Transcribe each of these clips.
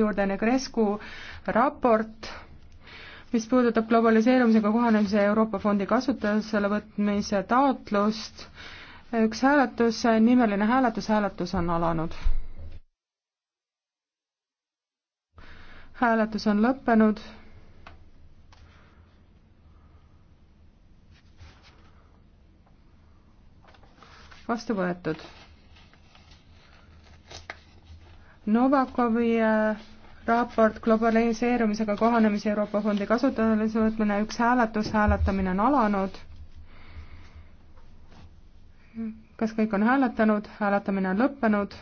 juurde Negrescu raport, mis puudutab globaliseerumisega kohanemise Euroopa Fondi kasutusele võtmise taotlust. üks hääletus, nimeline hääletus, hääletus on alanud. hääletus on lõppenud. vastu võetud Novakovi äh, raport globaliseerumisega kohanemise Euroopa fondi kasutusele võtmine, üks hääletus, hääletamine on alanud. kas kõik on hääletanud, hääletamine on lõppenud?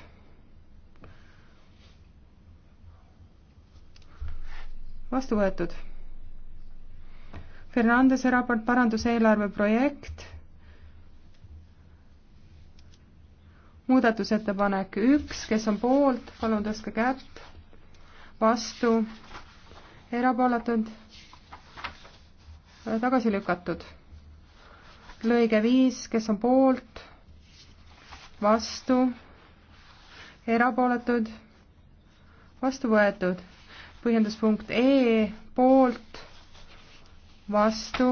vastu võetud. Fernandese raport, paranduseelarve projekt muudatusettepanek üks, kes on poolt, palun tõstke kätt, vastu, erapooletud, tagasi lükatud. lõige viis, kes on poolt, vastu, erapooletud, vastu võetud. põhjenduspunkt E, poolt, vastu,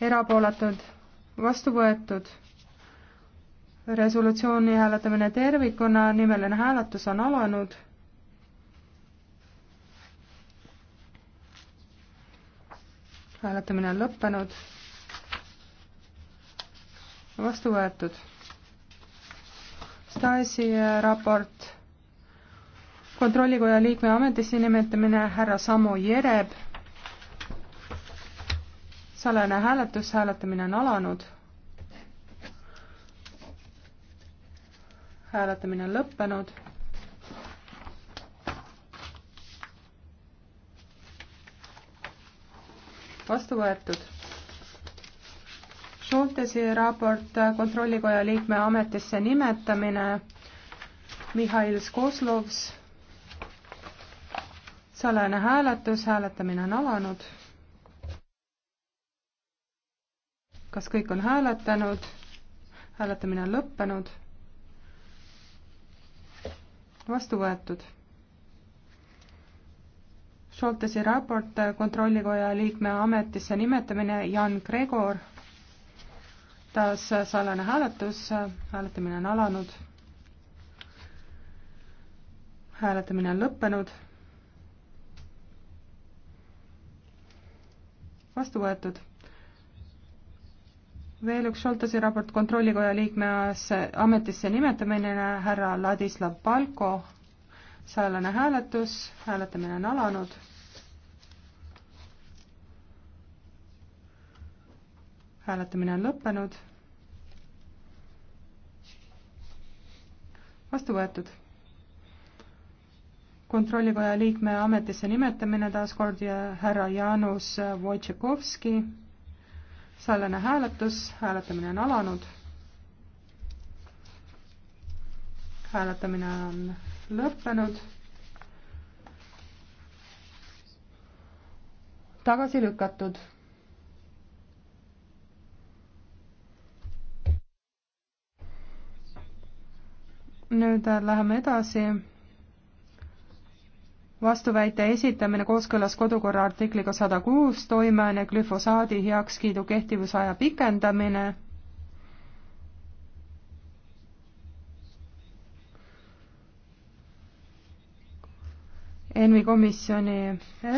erapooletud, vastu võetud resolutsiooni hääletamine tervikuna, nimeline hääletus on alanud. hääletamine on lõppenud. vastu võetud. Stasi raport, kontrollikoja liikme ametisse nimetamine, härra Samu Jereb. salajane hääletus, hääletamine on alanud hääletamine on lõppenud. vastu võetud. Šoltesi raport Kontrollikoja liikme ametisse nimetamine. Mihhail Skoslovs. salajane hääletus, hääletamine on alanud. kas kõik on hääletanud? hääletamine on lõppenud vastu võetud. Šoltesi raport Kontrollikoja liikme ametisse nimetamine Jan Gregor. taas salane hääletus, hääletamine on alanud. hääletamine on lõppenud. vastu võetud veel üks Šoltasi raport Kontrollikoja liikme ametisse nimetamine, härra Ladislav Palko, salane hääletus, hääletamine on alanud. hääletamine on lõppenud. vastu võetud. kontrollikoja liikme ametisse nimetamine taas kord ja härra Jaanus Wojtšekovski salajane hääletus, hääletamine on alanud. hääletamine on lõppenud. tagasi lükatud. nüüd läheme edasi vastuväite esitamine kooskõlas kodukorra artikliga sada kuus, toimeaine glüfosaadi heakskiidu kehtivusaja pikendamine. ENVI komisjoni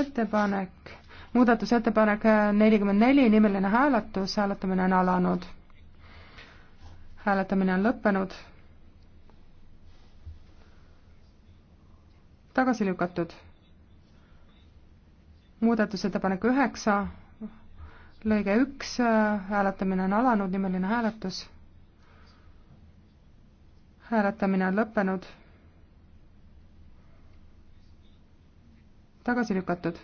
ettepanek, muudatusettepanek nelikümmend neli, nimeline hääletus, hääletamine on alanud. hääletamine on lõppenud tagasi lükatud. muudatusettepanek üheksa, lõige üks, hääletamine on alanud, nimeline hääletus. hääletamine on lõppenud. tagasi lükatud.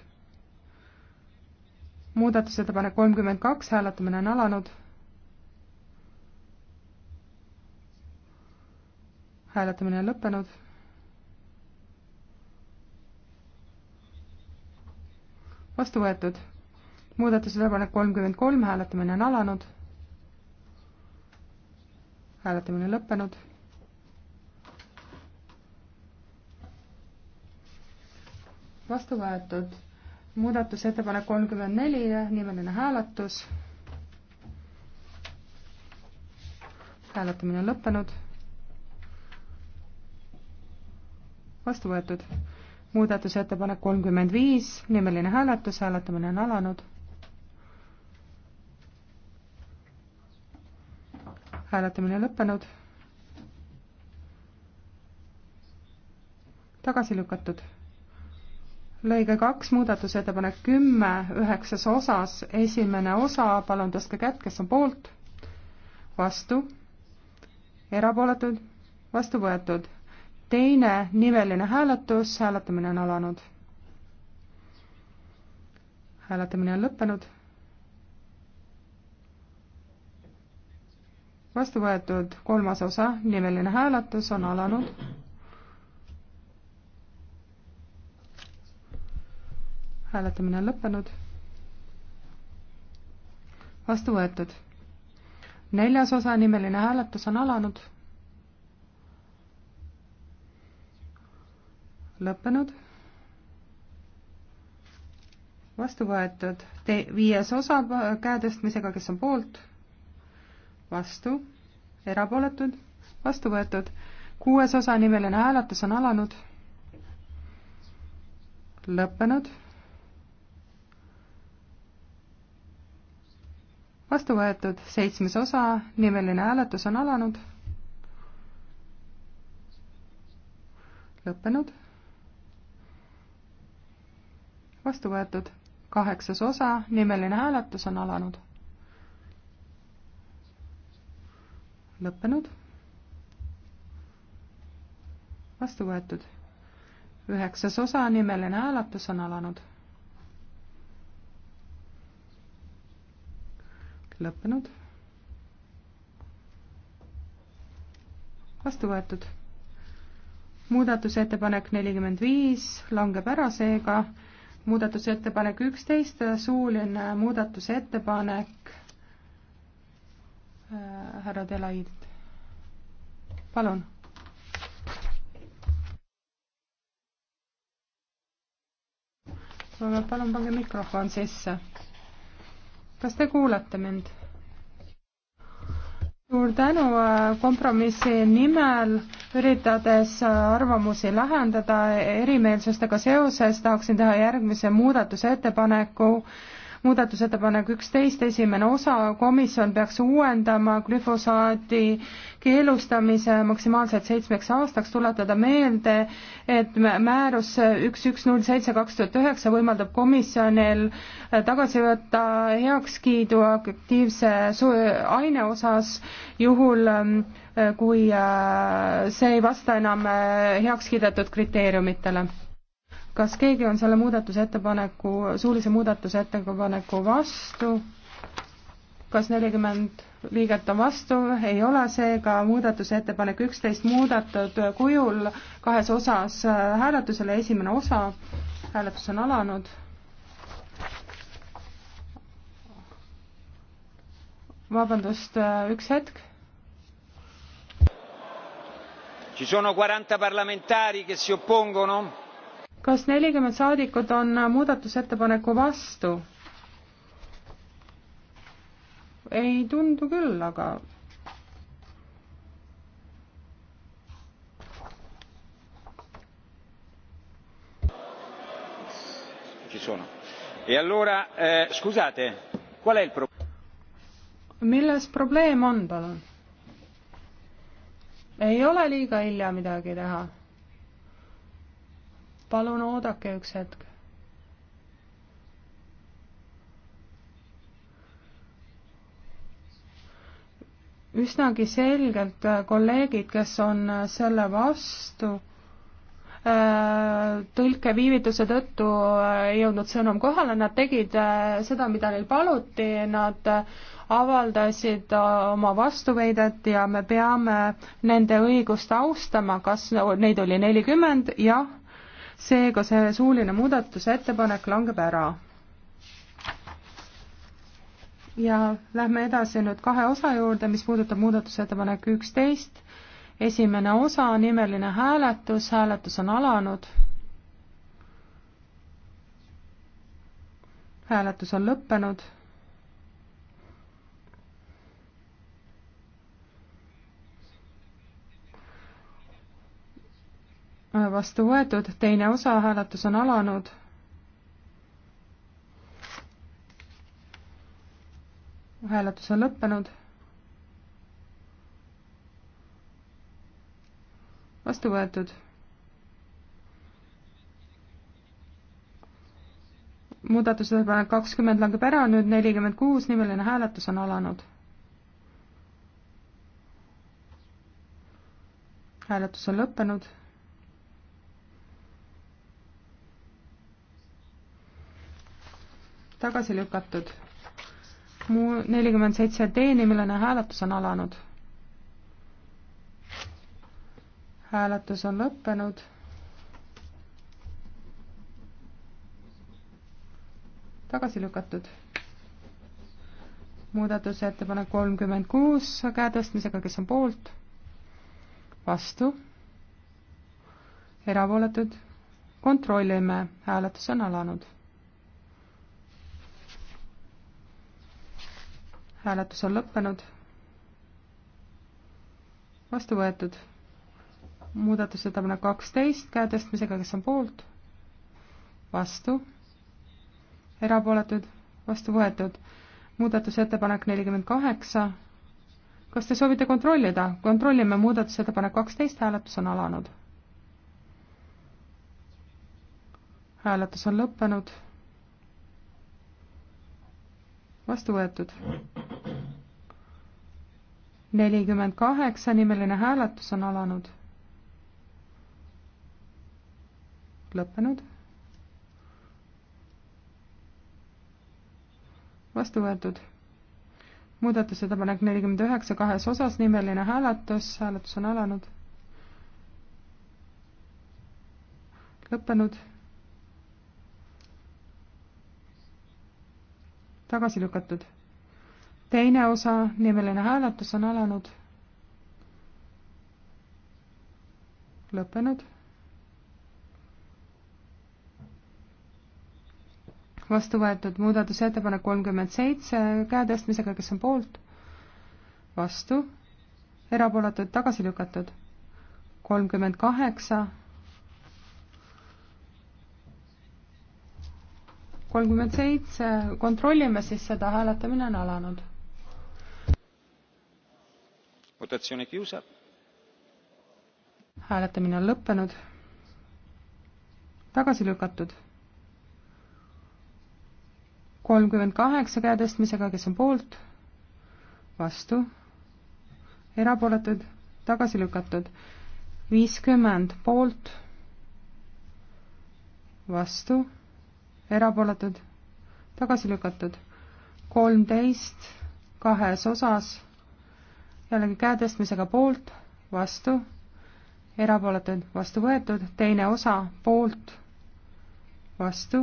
muudatusettepanek kolmkümmend kaks, hääletamine on alanud hääletamine on lõppenud. vastu võetud. muudatusettepanek kolmkümmend kolm, hääletamine on alanud. hääletamine lõppenud. vastu võetud. muudatusettepanek kolmkümmend neli, nimeline hääletus. hääletamine on lõppenud. vastu võetud muudatusettepanek kolmkümmend viis, nimeline hääletus, hääletamine on alanud. hääletamine lõppenud. tagasi lükatud. lõige kaks, muudatusettepanek kümme, üheksas osas, esimene osa, palun tõstke kätt, kes on poolt, vastu, erapooletud, vastu võetud teine nimeline hääletus, hääletamine on alanud. hääletamine on lõppenud. vastu võetud kolmas osa, nimeline hääletus on alanud. hääletamine on lõppenud. vastu võetud. neljas osa, nimeline hääletus on alanud lõppenud. vastu võetud Te, viies osa käe tõstmisega, kes on poolt, vastu, erapooletud, vastu võetud. kuues osa nimeline hääletus on alanud, lõppenud. vastu võetud seitsmes osa nimeline hääletus on alanud, lõppenud vastu võetud. kaheksas osa, nimeline hääletus on alanud. lõppenud. vastu võetud. üheksas osa, nimeline hääletus on alanud. lõppenud. vastu võetud muudatusettepanek nelikümmend viis langeb ära, seega muudatusettepanek üksteist, suuline muudatusettepanek äh, härra Delailt. palun. palun pange mikrofon sisse. kas te kuulete mind? suur tänu äh, kompromissi nimel üritades arvamusi lahendada erimeelsustega seoses, tahaksin teha järgmise muudatusettepaneku muudatusettepanek üksteist, esimene osa, komisjon peaks uuendama glüfosaadi keelustamise maksimaalselt seitsmeks aastaks, tuletada meelde, et määrus üks, üks, null seitse, kaks tuhat üheksa võimaldab komisjonil äh, tagasi võtta heakskiidu aktiivse aine osas, juhul ähm, äh, kui äh, see ei vasta enam heaks kiidetud kriteeriumitele kas keegi on selle muudatusettepaneku, suulise muudatusettepaneku vastu? kas nelikümmend liiget on vastu? ei ole, seega muudatusettepanek üksteist muudetud kujul kahes osas hääletusele, esimene osa, hääletus on alanud. vabandust, üks hetk ci sono quaranta parlamentari che si oppongono? kas nelikümmend saadikut on muudatusettepaneku vastu? ei tundu küll, aga ci sono. E allora, eh, scusate, qual è il problema? Milles probleem on, palun? ei ole liiga hilja midagi teha palun oodake üks hetk. üsnagi selgelt äh, kolleegid, kes on äh, selle vastu, äh, tõlkeviivituse tõttu ei jõudnud sõnum kohale, nad tegid seda, mida neil paluti, nad avaldasid oma vastuveidet ja me peame nende õigust austama, kas neid oli nelikümmend, jah, seega see suuline muudatusettepanek langeb ära. ja lähme edasi nüüd kahe osa juurde, mis puudutab muudatusettepanek üksteist. esimene osa, nimeline hääletus, hääletus on alanud. hääletus on lõppenud vastu võetud, teine osa, hääletus on alanud. hääletus on lõppenud. vastu võetud. muudatusettepanek kakskümmend langeb ära, nüüd nelikümmend kuus, nimeline hääletus on alanud. hääletus on lõppenud tagasi lükatud. Mu nelikümmend seitse D nimeline hääletus on alanud. hääletus on lõppenud. tagasi lükatud. muudatusettepanek kolmkümmend kuus käe tõstmisega, kes on poolt? vastu? erapooletud? kontrollime, hääletus on alanud hääletus on lõppenud. vastu võetud. muudatusettepanek kaksteist, käe tõstmisega, kes on poolt? vastu. erapooletud? vastu võetud. muudatusettepanek nelikümmend kaheksa. kas te soovite kontrollida? kontrollime muudatusettepanek kaksteist, hääletus on alanud. hääletus on lõppenud vastu võetud. nelikümmend kaheksa nimeline hääletus on alanud. lõppenud. vastu võetud. muudatusettepanek nelikümmend üheksa kahes osas nimeline hääletus, hääletus on alanud. lõppenud tagasi lükatud. teine osa, nimeline hääletus on alanud. lõppenud. vastu võetud muudatusettepanek kolmkümmend seitse, käe tõstmisega, kes on poolt? vastu, erapooletud tagasi lükatud. kolmkümmend kaheksa kolmkümmend seitse, kontrollime siis seda, hääletamine on alanud. hääletamine on lõppenud. tagasi lükatud. kolmkümmend kaheksa käe tõstmisega, kes on poolt, vastu, erapooletud, tagasi lükatud. viiskümmend poolt, vastu erapooletud, tagasi lükatud. kolmteist kahes osas, jällegi käe tõstmisega poolt, vastu, erapooletud, vastu võetud, teine osa poolt, vastu,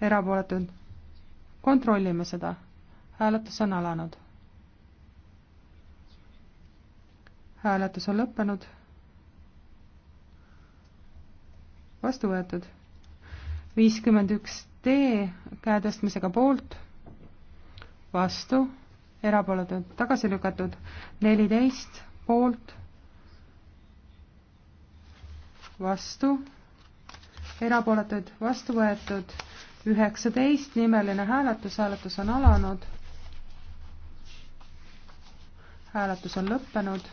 erapooletud. kontrollime seda. hääletus on alanud. hääletus on lõppenud. vastu võetud viiskümmend üks D käe tõstmisega poolt, vastu, erapooletud, tagasi lükatud, neliteist poolt, vastu, erapooletud, vastu võetud, üheksateist, nimeline hääletus, hääletus on alanud, hääletus on lõppenud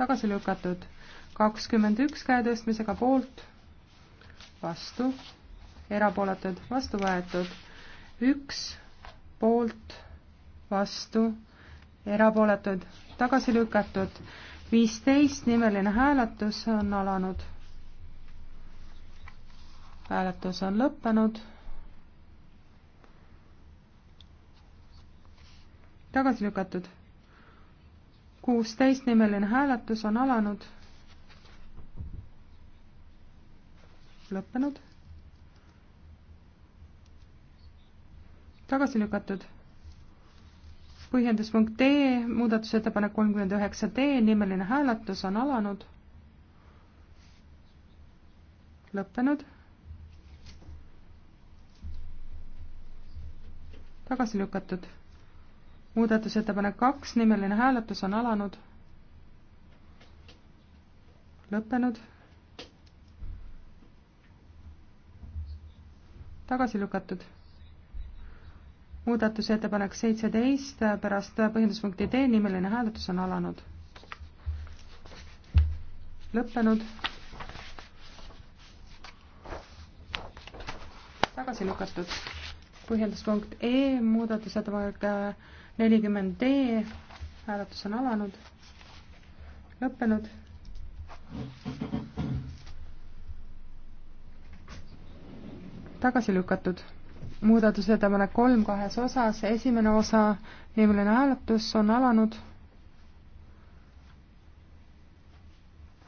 tagasi lükatud kakskümmend üks käe tõstmisega poolt, vastu, erapooletud, vastu võetud, üks poolt, vastu, erapooletud, tagasi lükatud, viisteist nimeline hääletus on alanud. hääletus on lõppenud. tagasi lükatud kuusteist nimeline hääletus on alanud lõppenud. tagasi lükatud. põhjenduspunkt D, muudatusettepanek kolmkümmend üheksa D, nimeline hääletus on alanud. lõppenud. tagasi lükatud. muudatusettepanek kaks, nimeline hääletus on alanud lõppenud tagasi lükatud. muudatusettepanek seitseteist pärast põhjenduspunkti D nimeline hääletus on alanud. lõppenud. tagasi lükatud. põhjenduspunkt E, muudatusettepanek nelikümmend D, hääletus on alanud, lõppenud. tagasi lükatud. muudatusettepanek kolm kahes osas, esimene osa, nimeline hääletus on alanud.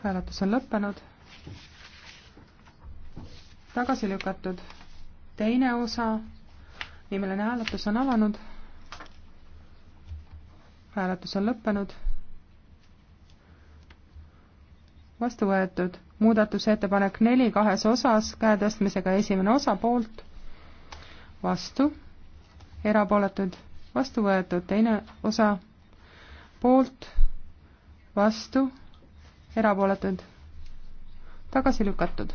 hääletus on lõppenud. tagasi lükatud. teine osa, nimeline hääletus on alanud. hääletus on lõppenud vastu võetud. muudatusettepanek neli kahes osas, käe tõstmisega esimene osa poolt, vastu, erapooletud, vastu võetud, teine osa poolt, vastu, erapooletud, tagasi lükatud.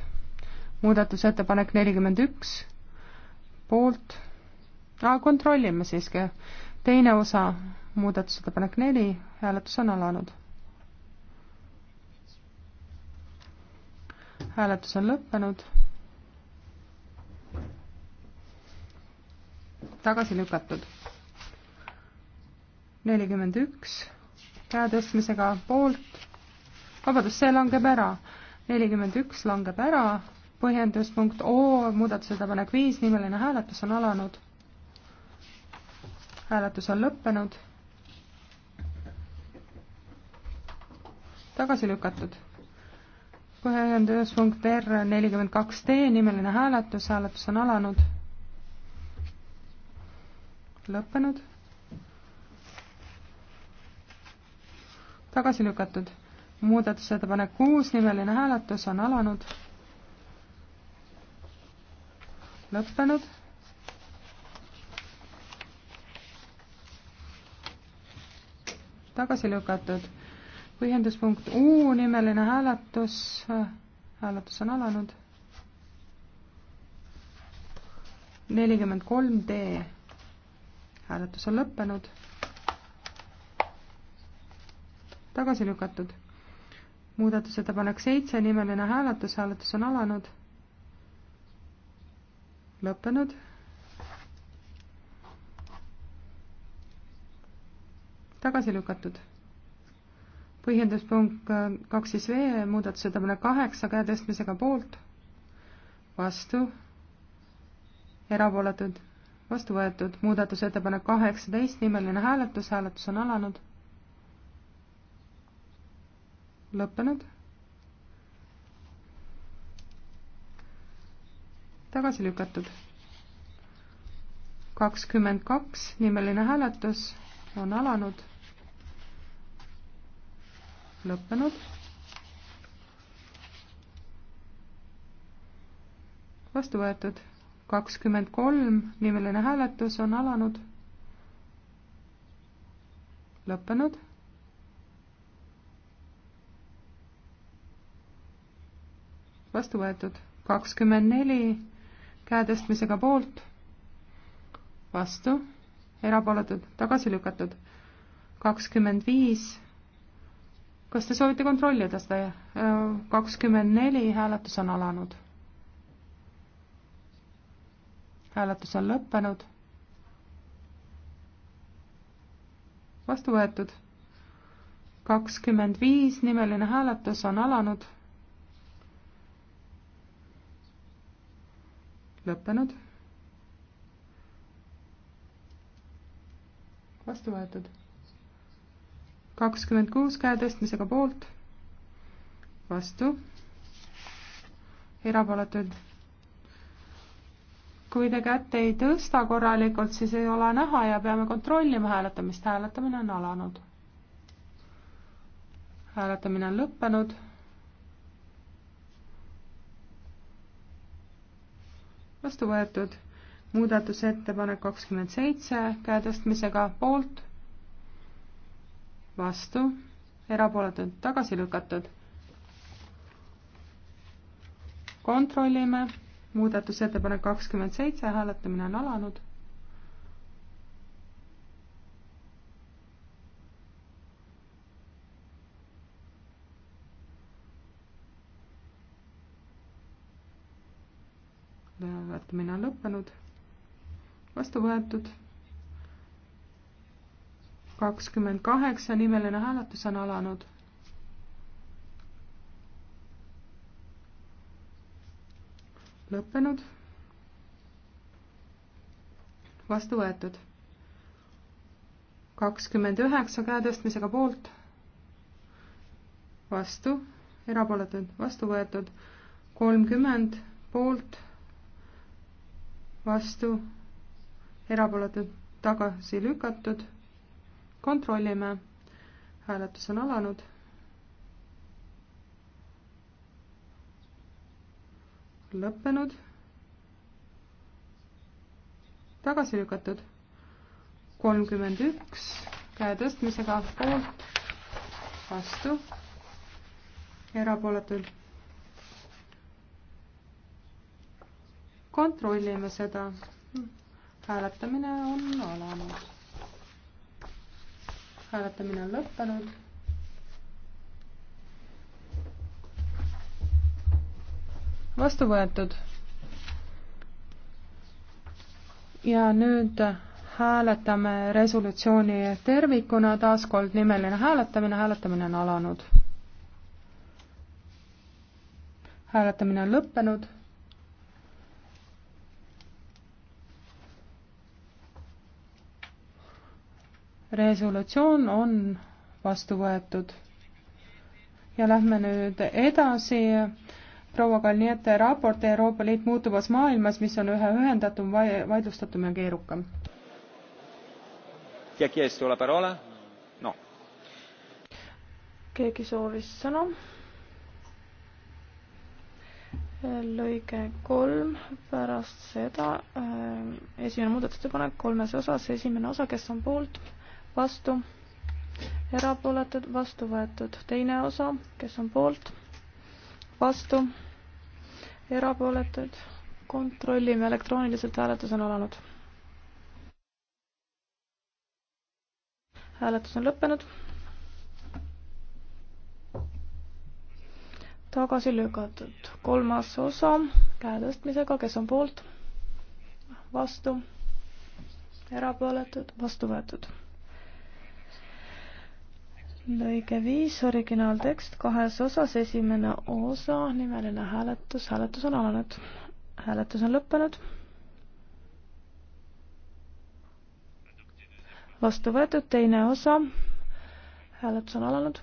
muudatusettepanek nelikümmend üks, poolt, kontrollime siiski, teine osa, muudatusettepanek neli, hääletus on alanud hääletus on lõppenud. tagasi lükatud. nelikümmend üks käe tõstmisega poolt. vabandust, see langeb ära. nelikümmend üks langeb ära. põhjendus punkt O, muudatusettepanek viis, nimeline hääletus on alanud. hääletus on lõppenud. tagasi lükatud põhjendus punkt R nelikümmend kaks D, nimeline hääletus, hääletus on alanud. lõppenud. tagasi lükatud. muudatusettepanek kuus, nimeline hääletus on alanud. lõppenud. tagasi lükatud põhjenduspunkt U nimeline hääletus, hääletus on alanud. nelikümmend kolm D, hääletus on lõppenud. tagasi lükatud. muudatusettepanek seitse nimeline hääletus, hääletus on alanud. lõppenud. tagasi lükatud põhjenduspunkt kaks siis V, muudatusettepanek kaheksa, käe tõstmisega poolt, vastu, erapooletud, vastu võetud, muudatusettepanek kaheksateist, nimeline hääletus, hääletus on alanud, lõppenud, tagasi lükatud. kakskümmend kaks, nimeline hääletus on alanud lõppenud. vastu võetud kakskümmend kolm, nimeline hääletus on alanud. lõppenud. vastu võetud kakskümmend neli, käe tõstmisega poolt, vastu, erapooletud, tagasi lükatud, kakskümmend viis kas te soovite kontrollida seda? Äh, kakskümmend neli hääletus on alanud. hääletus on lõppenud. vastu võetud. kakskümmend viis nimeline hääletus on alanud. lõppenud. vastu võetud kakskümmend kuus käe tõstmisega poolt, vastu, erapooletuid. kui te kätt ei tõsta korralikult, siis ei ole näha ja peame kontrollima hääletamist, hääletamine on alanud. hääletamine on lõppenud. vastu võetud muudatusettepanek kakskümmend seitse käe tõstmisega poolt vastu, erapooletud, tagasi lükatud. kontrollime, muudatusettepanek kakskümmend seitse, hääletamine on alanud. hääletamine on lõppenud, vastu võetud kakskümmend kaheksa, nimeline hääletus on alanud. lõppenud. vastu võetud. kakskümmend üheksa käe tõstmisega poolt. vastu, erapooletud, vastu võetud. kolmkümmend poolt. vastu, erapooletud, tagasi lükatud kontrollime. hääletus on alanud. lõppenud. tagasi lükatud. kolmkümmend üks käe tõstmisega poolt, vastu, erapooletul. kontrollime seda. hääletamine on alanud hääletamine on lõppenud. vastu võetud. ja nüüd hääletame resolutsiooni tervikuna, taaskord nimeline hääletamine, hääletamine on alanud. hääletamine on lõppenud resolutsioon on vastu võetud. ja lähme nüüd edasi proua Kalniete raport Euroopa Liit muutuvas maailmas, mis on ühe ühendatum, vaidlustatum ja keerukam. No. keegi soovis sõna? lõige kolm, pärast seda äh, esimene muudatusettepanek kolmes osas, esimene osa, kes on poolt vastu, erapooletud, vastu võetud. teine osa, kes on poolt, vastu, erapooletud, kontrollime elektrooniliselt, hääletus on alanud. hääletus on lõppenud. tagasi lükatud. kolmas osa käe tõstmisega, kes on poolt, vastu, erapooletud, vastu võetud lõige viis, originaaltekst kahes osas, esimene osa, nimeline hääletus, hääletus on alanud. hääletus on lõppenud. vastu võetud teine osa, hääletus on alanud.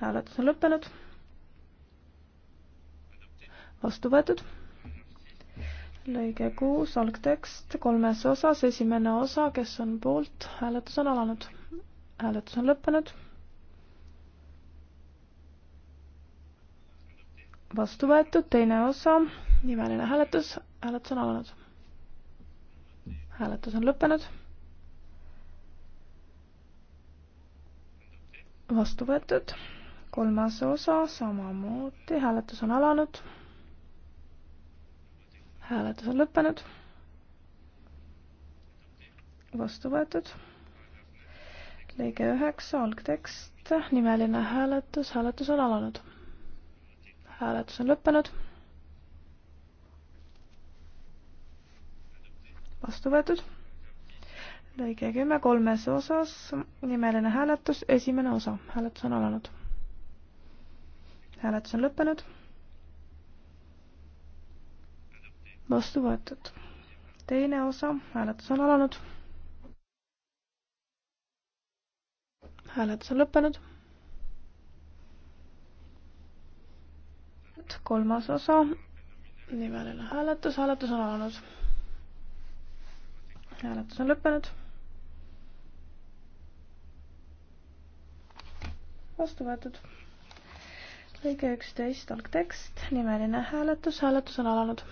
hääletus on lõppenud. vastu võetud lõige kuus, algtekst kolmes osas, esimene osa, kes on poolt, hääletus on alanud. hääletus on lõppenud. vastu võetud, teine osa, nimeline hääletus, hääletus on alanud. hääletus on lõppenud. vastu võetud, kolmas osa samamoodi, hääletus on alanud hääletus on lõppenud. vastu võetud. lõige üheksa, algtekst, nimeline hääletus, hääletus on alanud. hääletus on lõppenud. vastu võetud. lõige kümme, kolmes osas, nimeline hääletus, esimene osa, hääletus on alanud. hääletus on lõppenud vastu võetud. teine osa, hääletus on alanud. hääletus on lõppenud. kolmas osa, nimeline hääletus, hääletus on alanud. hääletus on lõppenud. vastu võetud. lõige üksteist, algtekst, nimeline hääletus, hääletus on alanud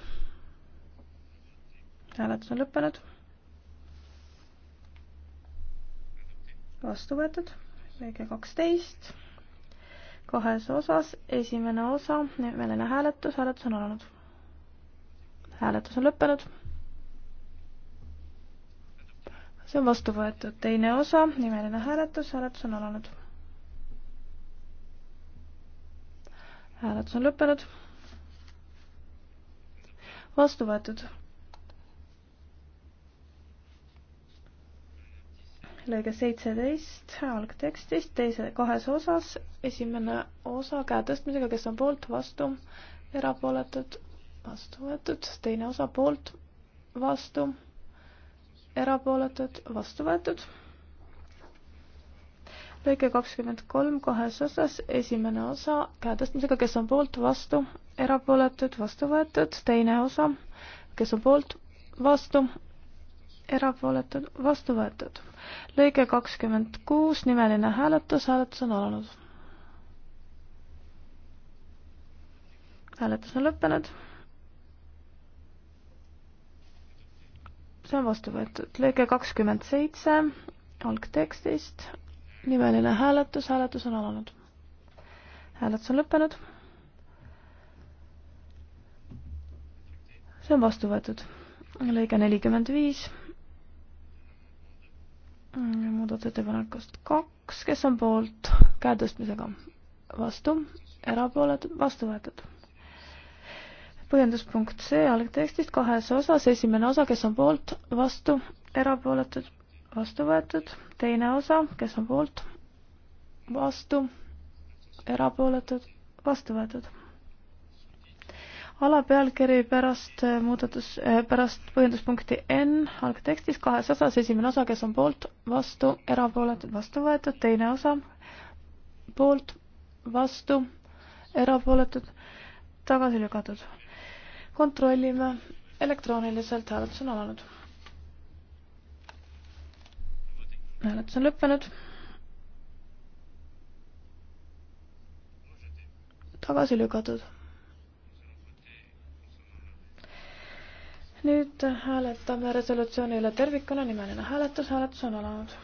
hääletus on lõppenud. vastu võetud, lõige kaksteist, kahes osas, esimene osa, nimeline hääletus, hääletus on alanud. hääletus on lõppenud. see on vastu võetud, teine osa, nimeline hääletus, hääletus on alanud hääletus on lõppenud. vastu võetud lõige seitseteist algtekstist teise kahes osas, esimene osa käe tõstmisega, kes on poolt, vastu, erapooletud, vastu võetud, teine osa poolt, vastu, erapooletud, vastu võetud. lõige kakskümmend kolm kahes osas, esimene osa käe tõstmisega, kes on poolt, vastu, erapooletud, vastu võetud, teine osa, kes on poolt, vastu, erapooletud, vastu võetud. lõige kakskümmend kuus, nimeline hääletus, hääletus on alanud. hääletus on lõppenud. see on vastu võetud. lõige kakskümmend seitse, algtekstist, nimeline hääletus, hääletus on alanud. hääletus on lõppenud. see on vastu võetud. lõige nelikümmend viis Mm, muudatusettepanekust kaks, kes on poolt käe tõstmisega, vastu, erapooletud, vastu võetud. põhjenduspunkt C algtekstist kahes osas, esimene osa, kes on poolt, vastu, erapooletud, vastu võetud, teine osa, kes on poolt, vastu, erapooletud, vastu võetud alapealkiri pärast äh, muudatus, äh, pärast põhjenduspunkti N algtekstis kahes osas, esimene osa, kes on poolt, vastu, erapooletud, vastu võetud, teine osa, poolt, vastu, erapooletud, tagasi lükatud. kontrollime, elektrooniliselt hääletus on alanud. hääletus on lõppenud. tagasi lükatud nüüd hääletame resolutsiooni üle tervikuna, nimeline hääletus, hääletus on alanud.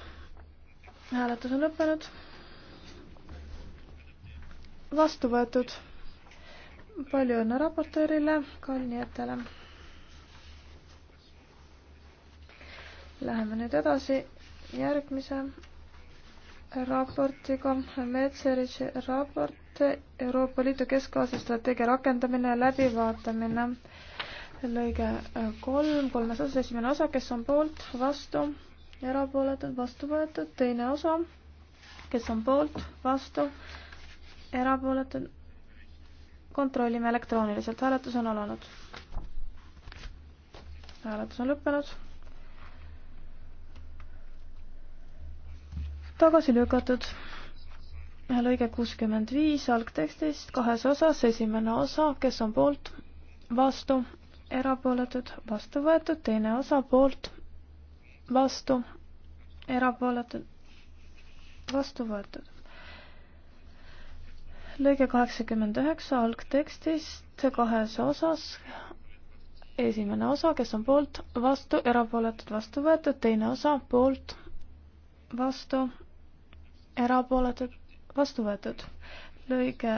hääletus on lõppenud. vastu võetud. palju õnne raportöörile, kalnietele. Läheme nüüd edasi järgmise raportiga, Metseritši raport Euroopa Liidu Kesk-Aasia strateegia rakendamine ja läbivaatamine lõige äh, kolm, kolmes osas, esimene osa, kes on poolt, vastu, erapooletud, vastu võetud, teine osa, kes on poolt, vastu, erapooletud. kontrollime elektrooniliselt, hääletus on alanud. hääletus on lõppenud. tagasi lükatud lõige kuuskümmend viis algtekstist kahes osas, esimene osa, kes on poolt, vastu, erapooletud, vastu võetud, teine osa poolt, vastu, erapooletud, vastu võetud. lõige kaheksakümmend üheksa algtekstist kahes osas. esimene osa, kes on poolt, vastu, erapooletud, vastu võetud, teine osa poolt, vastu, erapooletud, vastu võetud. lõige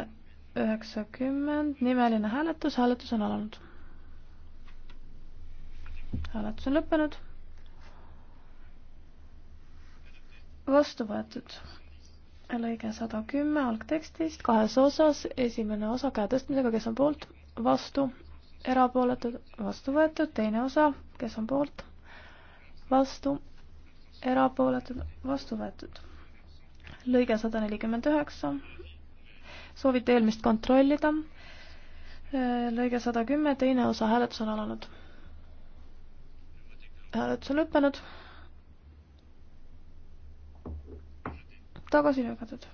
üheksakümmend, nimeline hääletus, hääletus on alanud hääletus on lõppenud. vastu võetud lõige sada kümme algtekstist kahes osas, esimene osa käe tõstmisega, kes on poolt, vastu, erapooletud, vastu võetud, teine osa, kes on poolt, vastu, erapooletud, vastu võetud. lõige sada nelikümmend üheksa, soovite eelmist kontrollida, lõige sada kümme, teine osa, hääletus on alanud hääletus on lõppenud. tagasi lükatud.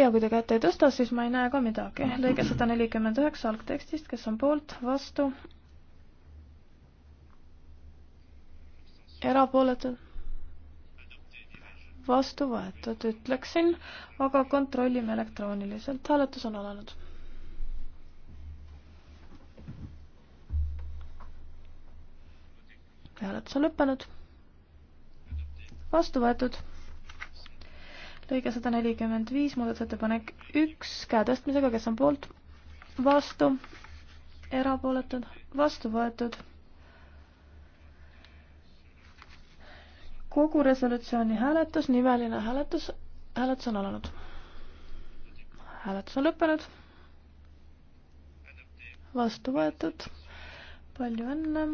ja kui te kätt ei tõsta, siis ma ei näe ka midagi. lõige sada nelikümmend üheksa algtekstist, kes on poolt, vastu. erapooletud vastu võetud, ütleksin, aga kontrollime elektrooniliselt, hääletus on alanud hääletus on lõppenud. vastu võetud. lõige sada nelikümmend viis, muudatusettepanek üks, käe tõstmisega, kes on poolt? vastu, erapooletud, vastu võetud. kogu resolutsiooni hääletus, nimeline hääletus, hääletus on alanud. hääletus on lõppenud. vastu võetud. palju õnne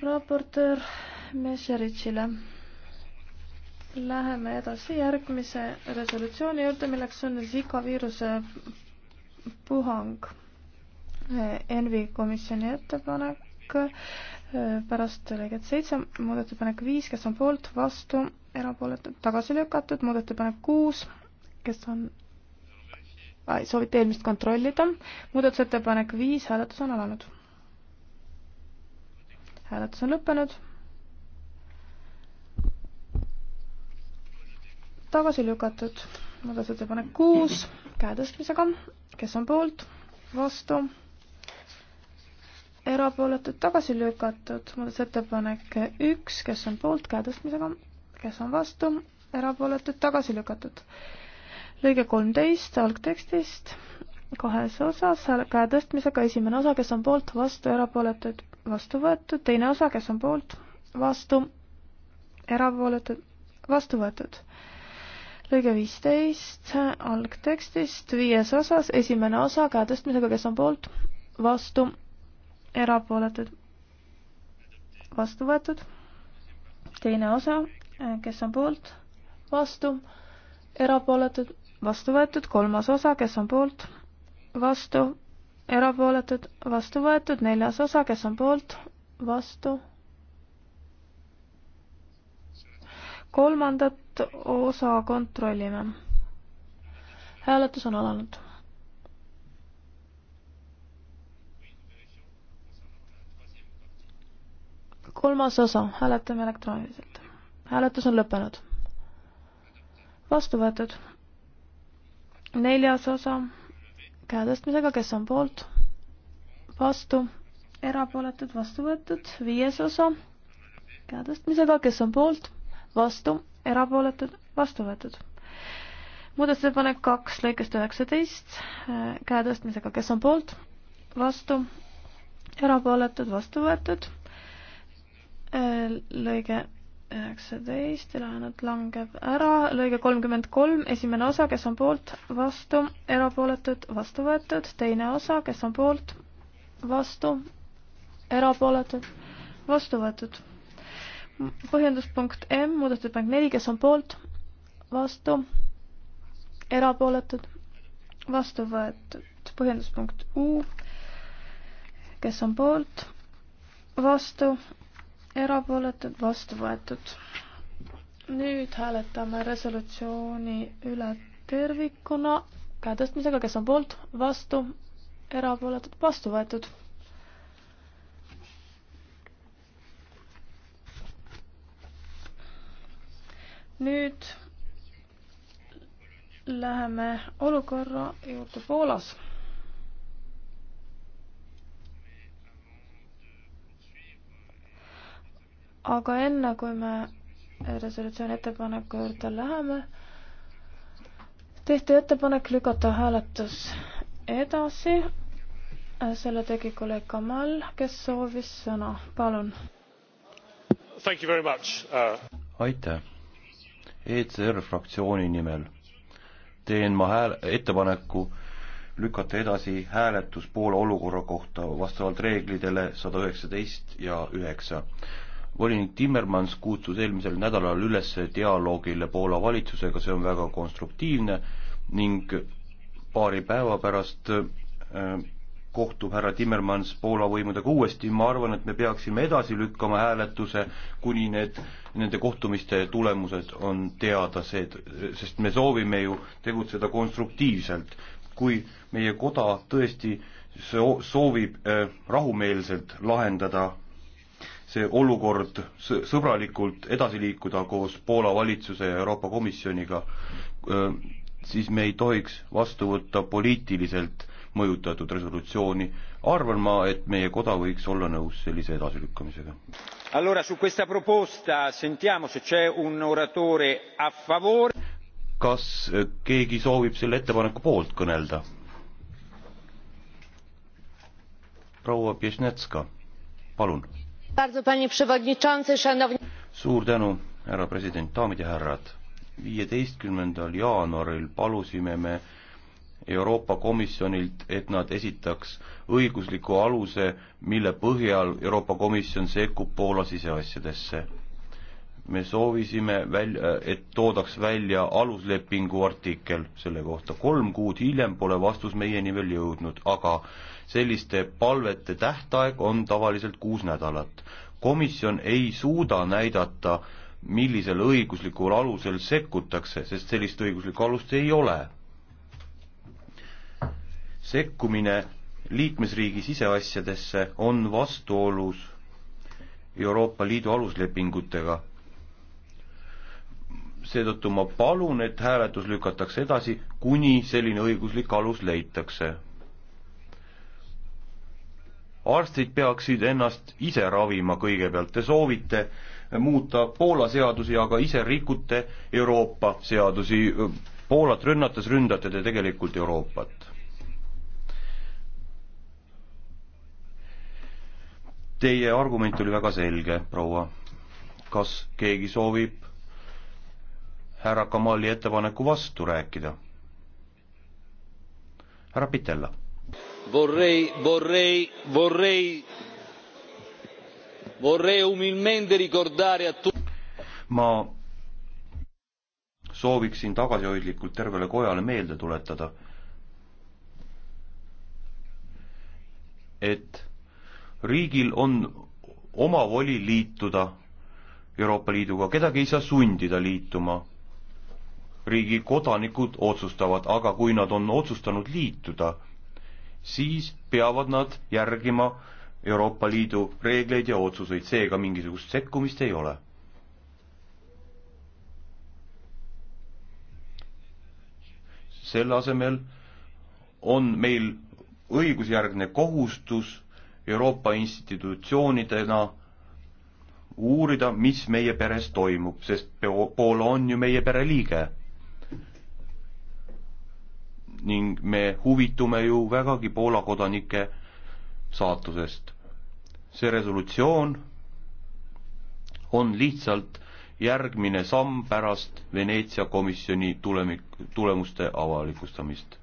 raportöör Mešeritšile. Läheme edasi järgmise resolutsiooni juurde, milleks on Zika viiruse puhang. Envi komisjoni ettepanek eh, pärast lõiget seitse, muudatusettepanek viis, kes on poolt, vastu, erapooletud, tagasi lükatud, muudatusettepanek kuus, kes on soovite eelmist kontrollida. muudatusettepanek viis, hääletus on alanud hääletus on lõppenud. tagasi lükatud muudatusettepanek kuus käe tõstmisega, kes on poolt, vastu, erapooletud tagasi lükatud muudatusettepanek üks, kes on poolt käe tõstmisega, kes on vastu, erapooletud tagasi lükatud. lõige kolmteist algtekstist kahes osas käe tõstmisega, esimene osa, kes on poolt, vastu, erapooletud vastu võetud, teine osa, kes on poolt, vastu, erapooletud, vastu võetud. lõige viisteist algtekstist, viies osas, esimene osa käe tõstmisega, kes on poolt, vastu, erapooletud, vastu võetud. teine osa, kes on poolt, vastu, erapooletud, vastu võetud, kolmas osa, kes on poolt, vastu, erapooletud, vastu võetud, neljas osa, kes on poolt, vastu. kolmandat osa kontrollime. hääletus on alanud. kolmas osa, hääletame elektrooniliselt. hääletus on lõppenud. vastu võetud. neljas osa käe tõstmisega, kes on poolt, vastu, erapooletud, vastu võetud, viies osa käe tõstmisega, kes on poolt, vastu, erapooletud, vastu võetud. muudatusettepanek kaks lõikest üheksateist käe tõstmisega, kes on poolt, vastu, erapooletud, vastu võetud, lõige üheksateist, ülejäänud langeb ära, lõige kolmkümmend kolm, esimene osa, kes on poolt, vastu, erapooletud, vastu võetud, teine osa, kes on poolt, vastu, erapooletud, vastu võetud. põhjenduspunkt M, muudatusettepanek neli, kes on poolt, vastu, erapooletud, vastu võetud. põhjenduspunkt U, kes on poolt, vastu, erapooletud, vastu võetud. nüüd hääletame resolutsiooni üle tervikuna käe tõstmisega, kes on poolt, vastu, erapooletud, vastu võetud. nüüd läheme olukorra juurde Poolas aga enne, kui me resolutsiooni ettepaneku juurde läheme, tehti ettepanek lükata hääletus edasi. selle tegi kolleeg Kamal, kes soovis sõna, palun. Uh... aitäh. ECR fraktsiooni nimel teen ma hääl-, ettepaneku lükata edasi hääletus Poola olukorra kohta vastavalt reeglidele sada üheksateist ja üheksa volinik Timmermans kutsus eelmisel nädalal üles dialoogile Poola valitsusega, see on väga konstruktiivne ning paari päeva pärast äh, kohtub härra Timmermans Poola võimudega uuesti, ma arvan, et me peaksime edasi lükkama hääletuse, kuni need, nende kohtumiste tulemused on teada, see, sest me soovime ju tegutseda konstruktiivselt. kui meie koda tõesti soovib äh, rahumeelselt lahendada see olukord sõbralikult edasi liikuda koos Poola valitsuse ja Euroopa Komisjoniga, siis me ei tohiks vastu võtta poliitiliselt mõjutatud resolutsiooni, arvan ma, et meie koda võiks olla nõus sellise edasilükkamisega. Allora su questa proposta sentiamo se c'è un oratore a favore. kas keegi soovib selle ettepaneku poolt kõnelda? proua Pjesnetska, palun suur tänu, härra president, daamid ja härrad. viieteistkümnendal jaanuaril palusime me Euroopa Komisjonilt, et nad esitaks õigusliku aluse, mille põhjal Euroopa Komisjon sekkub Poola siseasjadesse me soovisime välja, äh, et toodaks välja aluslepingu artikkel selle kohta. kolm kuud hiljem pole vastus meieni veel jõudnud, aga selliste palvete tähtaeg on tavaliselt kuus nädalat. komisjon ei suuda näidata, millisel õiguslikul alusel sekkutakse, sest sellist õiguslikku alust ei ole. sekkumine liikmesriigi siseasjadesse on vastuolus Euroopa Liidu aluslepingutega seetõttu ma palun, et hääletus lükatakse edasi, kuni selline õiguslik alus leitakse. arstid peaksid ennast ise ravima kõigepealt, te soovite muuta Poola seadusi, aga ise rikute Euroopa seadusi. Poolat rünnates ründate te tegelikult Euroopat. Teie argument oli väga selge, proua. kas keegi soovib härra Kamali ettepaneku vastu rääkida. härra Pitella. Vorrei, vorrei, vorrei, vorrei umilmente ricordare a tu-. ma sooviksin tagasihoidlikult tervele kojale meelde tuletada, et riigil on omavoli liituda Euroopa Liiduga, kedagi ei saa sundida liituma riigi kodanikud otsustavad, aga kui nad on otsustanud liituda, siis peavad nad järgima Euroopa Liidu reegleid ja otsuseid, seega mingisugust sekkumist ei ole. selle asemel on meil õigusjärgne kohustus Euroopa institutsioonidena uurida, mis meie peres toimub, sest Poola on ju meie pere liige ning me huvitume ju vägagi Poola kodanike saatusest. see resolutsioon on lihtsalt järgmine samm pärast Veneetsia komisjoni tulemik, tulemuste avalikustamist.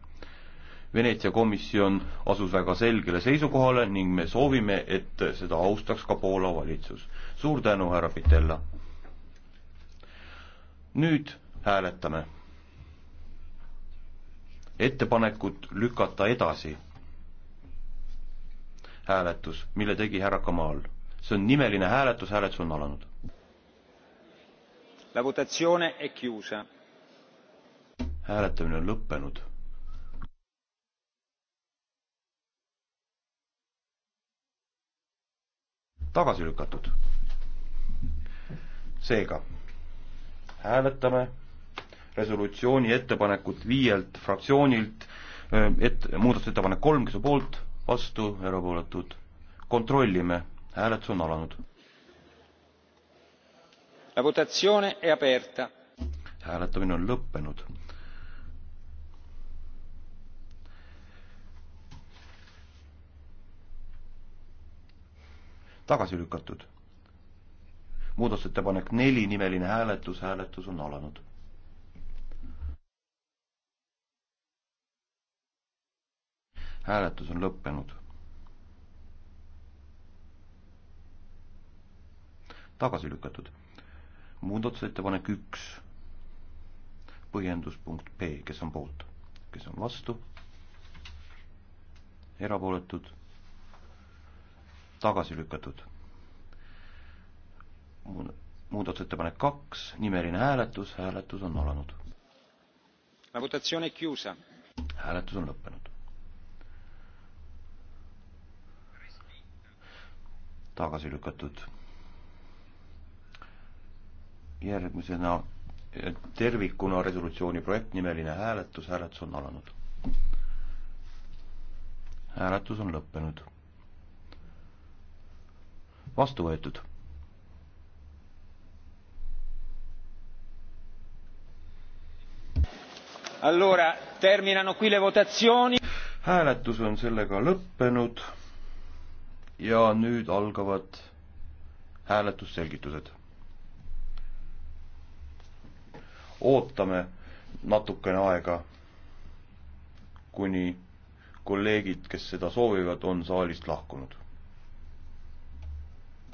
Veneetsia komisjon asus väga selgele seisukohale ning me soovime, et seda austaks ka Poola valitsus. suur tänu, härra Pitella! nüüd hääletame ettepanekut lükata edasi hääletus, mille tegi härra Kamal. see on nimeline hääletus, hääletus on alanud. hääletamine on lõppenud. tagasi lükatud. seega hääletame resolutsiooni ettepanekut viielt fraktsioonilt, et muudatusettepanek kolm, kes on poolt, vastu, erapooletud. kontrollime, hääletus on alanud. hääletamine on lõppenud. tagasi lükatud muudatusettepanek neli nimeline hääletus, hääletus on alanud hääletus on lõppenud. tagasi lükatud. muudatusettepanek üks, põhjenduspunkt B, kes on poolt, kes on vastu, erapooletud, tagasi lükatud. muudatusettepanek kaks, nimeline hääletus, hääletus on alanud. hääletus on lõppenud. tagasi lükatud. järgmisena eh, tervikuna resolutsiooni projekt nimeline hääletus, hääletus on alanud. hääletus on lõppenud. vastu võetud. Allora, terminano qui le votazioni. hääletus on sellega lõppenud ja nüüd algavad hääletusselgitused. ootame natukene aega, kuni kolleegid, kes seda soovivad, on saalist lahkunud.